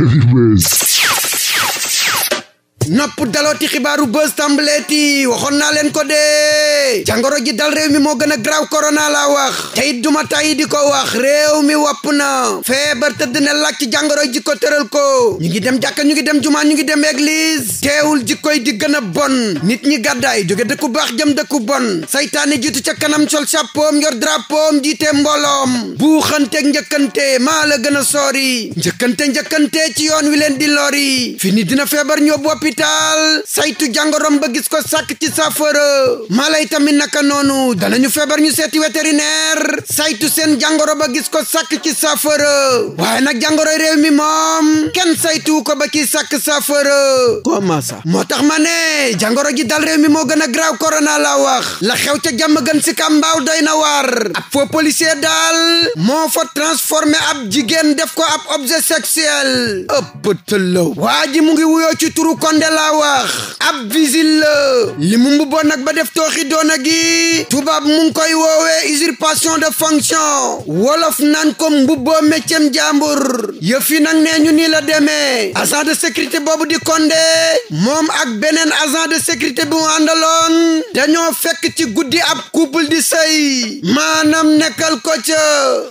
Anyways. nopp dalooti xibaaru bës tàmbaleeti waxoon naa leen ko de jàngoro ji dal réew mi moo gën a graaw korona laa wax tey duma tàyyi di ko wax réew mi wopp na feebar tëdd ne laaj ci jàngoro ji ko tëral ko ñu ngi dem jàkka ñu ngi dem jumaa ñu ngi dem église teewul jikkoy di gën a bon nit ñi gàddaay jóge dëkku baax jëm dëkku bon saytaane jiitu ca kanam sol chapeau yor drapeau jiite mbooloom buuxanteeg njëkkante maa la gën a soori njëkkante njëkkante ci yoon wi leen di lori fini dina feebar ñoo hôpital saytu jàngorom ba gis ko sakk ci saafara mala yi tamit naka noonu danañu feebar ñu seeti vétérinaire saytu seen jàngoro ba gis ko sakk ci saafara waaye nag jàngoroy réew mi moom kenn saytu ko ba ci sakk saafara comment moo tax ma ne jàngoro ji dal réew mi moo gën a graaw corona la wax la xew ca jàmm gën si kàmbaaw doy na waar ab faux policier daal moo fa transformé ab jigéen def ko ab obje sexuel ëpp tëllaw waa mu ngi wuyoo ci turu gaynde wax ab visil la li mu mbubboo nag ba def tooxi doona gi tubaab mu ngi koy woowee usurpation de fonction wolof naan ko mbubboo méccem jàmbur yëf yi nag nee ñu nii la demee agent de sécurité boobu di Condé moom ak beneen agent de sécurité bu mu àndaloon dañoo fekk ci guddi ab couple di sëy maanaam nekkal ko ca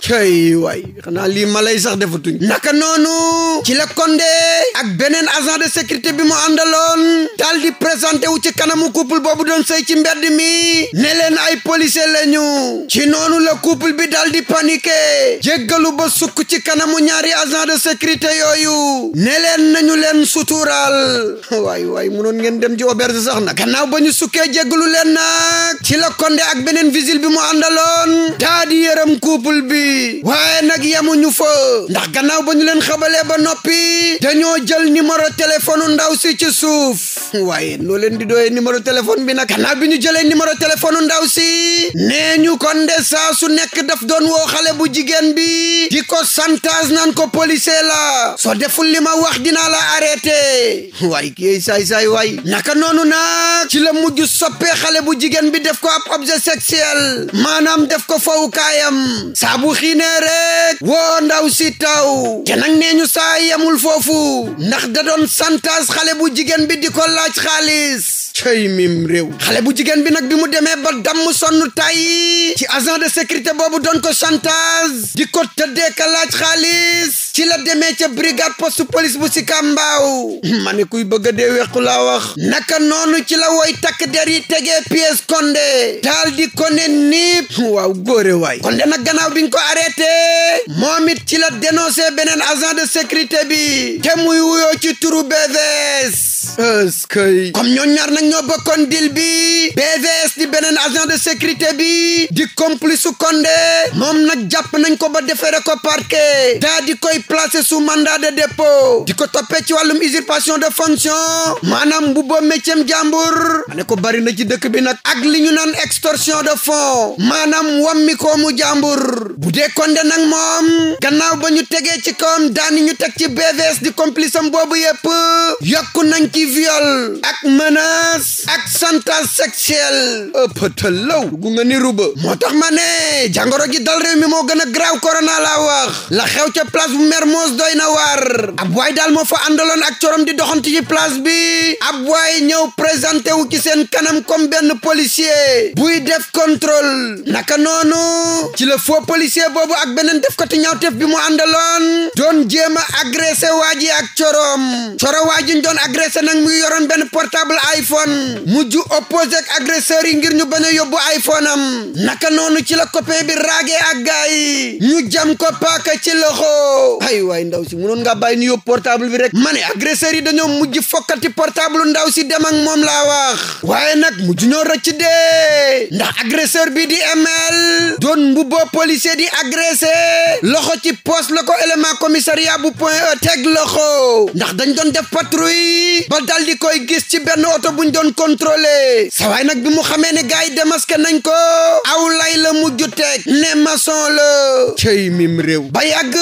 cay waay xanaa lii malay sax defatuñ naka noonu ci la Condé ak beneen agent de sécurité bi mu àndal àndaloon daal di présenté wu ci kanamu couple boobu doon sëy ci mbedd mi ne leen ay policier lañu ci noonu la couple bi daal di paniqué jéggalu ba sukk ci kanamu ñaari agent de sécurité yooyu ne leen nañu leen suturaal waay waay noon ngeen dem ji auberge sax nag gannaaw ba ñu sukkee jéggalu leen nag ci la Condé ak beneen vigile bi mu àndaloon daa di yërëm couple bi waaye nag yemuñu fa ndax ganaaw bañu leen xabalee ba noppi dañoo jël numéro téléphone ndaw si ci suuf waaye noo leen di dooyee numéro téléphone bi nag xanaa bi ñu jëlee numéro téléphone ndaw si nee ñu kon de saa su nekk daf doon woo xale bu jigéen bi di ko santage nan ko policier la soo deful li ma wax dinaa la arrêté waaye kii saay-saay waay naka noonu nag ci la mujj soppee xale bu jigéen bi def ko ab objet sexuel maanaam def ko faw kaayam saa bu woo ndaw si taw te nee ñu saa yamul foofu ndax da doon santage xale bu jigéen jigéen bi di ko laaj xaalis réew bu jigéen bi nag bi mu demee ba damm sonn tàyyi ci agent de sécurité boobu doon ko chantage di ko tëddee ka laaj xaalis ci la demee ca brigade poste police bu ci kàmbaaw ma ne kuy bëgg a dee wequ laa naka noonu ci la woy takk der yi tegee pièce Condé daal di ko ne niip waaw góore waay Condé nag gannaaw bi nga ko arrêté moom it ci la dénoncé beneen agent de sécurité bi te muy wuyoo ci turu est-ce que ñoo ñaar nag ñoo bokkoon dil bi BVS di beneen agent de sécurité bi di complice su Condé moom nag jàpp nañ ko ba defere ko parquet daa di koy placer sous mandat de dépôt di ko toppee ci wàllum usurpation de fonction maanaam bu boo métier jàmbur ma ne ko bari na ci dëkk bi nag ak li ñu naan extorsion de fonds maanaam wammi koomu jàmbur bu dee Condé nag moom gannaaw ba ñu tegee ci kawam daani ñu teg ci BVS di complice am boobu yëpp yokku nañ ci viol ak menace chantage sexuel ëppatalaw gu nga ni ruba moo tax ma ne jàngoro ji dal réew mi moo gën a graaw korona laa wax la xew ca place bu Mermoz doy na waar ab waay daal moo fa àndaloon ak corom di doxantu ci place bi ab waay ñëw présenté wu ci seen kanam comme benn policier buy def contrôle naka noonu ci la faux policier boobu ak beneen def ko ti ñaawteef bi mu àndaloon doon jéem a agressé waa ji ak corom coro waa ji ñu doon agressé nag mu ngi yoroon benn portable iPhone mujj opposé yi ngir ñu bañ a yóbbu iPhone am ci la copain bi raagee ak gaay yi ñu ci loxo ay waay ndaw si munoon nga bàyyi nu yóbbu portable bi rek ma ne agresseur yi dañoo mujj fokkati portable ndaw si dem ak moom laa wax waaye nag mujj ñoo rëcc dee ndax agresseur bi di ML doon mbubboo policier di agressé loxo ci poste la ko élément commissariat bu point e teg loxo ndax dañ doon def patrouille ba dal di koy gis ci benn oto buñ doon contrôle loolee sa nag bi mu xamee ne gars yi démasqué nañ ko aw lay la mujj teg ne maçon la cey mim réew ba yàgg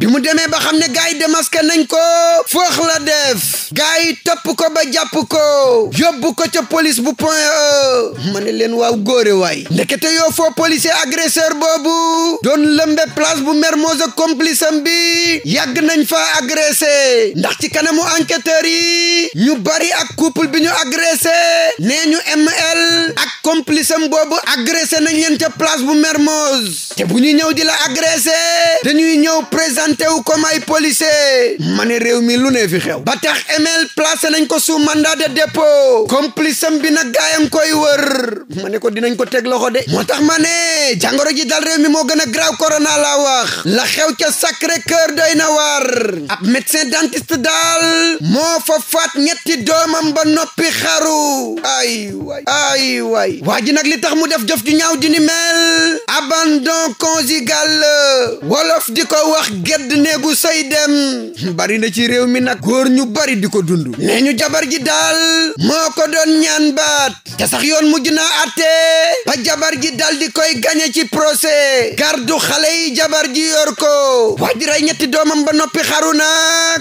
bi mu demee ba xam ne gars yi démasqué nañ ko foox la def gars yi topp ko ba jàpp ko yóbbu ko ca police bu point e ma ne leen waaw góore waay ndekete yoo foo policier agresseur boobu doon lëmbe place bu Mermoz ak complice am bi yàgg nañ fa agressé ndax ci kanamu enquêteur yi ñu bari ak couple bi ñu agressé nee ñu ML ak complice am boobu agressé nañ leen ca place bu Mermoz te bu ñuy ñëw di la agressé dañuy ñëw présenté wu comme ay policier ma réew mi lu ne xew ba tax ML placé nañ ko sous mandat de dépôt complice bi nag gaayam koy wër ma ne ko dinañ ko teg loxo de moo tax ma ne ji dal réew mi moo gën a graaw corona la wax la xew ca Sacré Cœur doy na war ab médecin dentiste daal moo fa faat ñetti doomam ba noppi xaru ay way ji nag li tax mu def jëf ju ñaaw ju ni mel abandon conjugal wolof di ko wax gedd néegu sëy bari na ci réew mi nag góor ñu bari di ko dund nee ñu jabar ji daal moo ko doon ñaan baat te yoon mujj na atte ba jabar ji dal di koy gañe ci procès gardu xale jabar ji yor ko waa ñetti doomam ba noppi xaru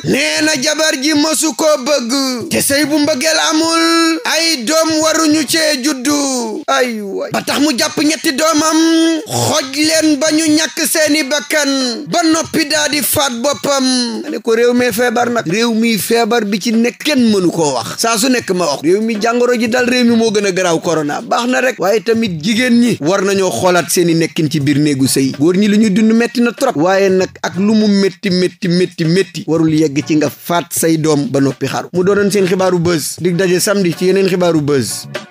nee na jabar ji mësu ko bëgg te sëy bu mbëggeel amul ay doom waruñu cee juddu ay way ba tax mu jàpp ñetti doomam xoj leen ba ñu ñàkk seeni bakkan ba noppi daa di faat boppam ma réew mi feebar nag réew mi feebar bi ci nekk kenn mënu koo wax saa su nekk ma wax réew mi jàngoro ji dal réew mi moo gën a garaaw korona baax na rek waaye tamit jigéen ñi war nañoo xoolaat seeni nekkin ci biir néegu sëy góor ñi lu ñu dund métti na trop waaye nag ak lu mu métti métti métti métti warul yegg ci nga faat say doom ba noppi xaru mu doonoon seen xibaaru buzz dig daje samedi ci yeneen xibaaru buzz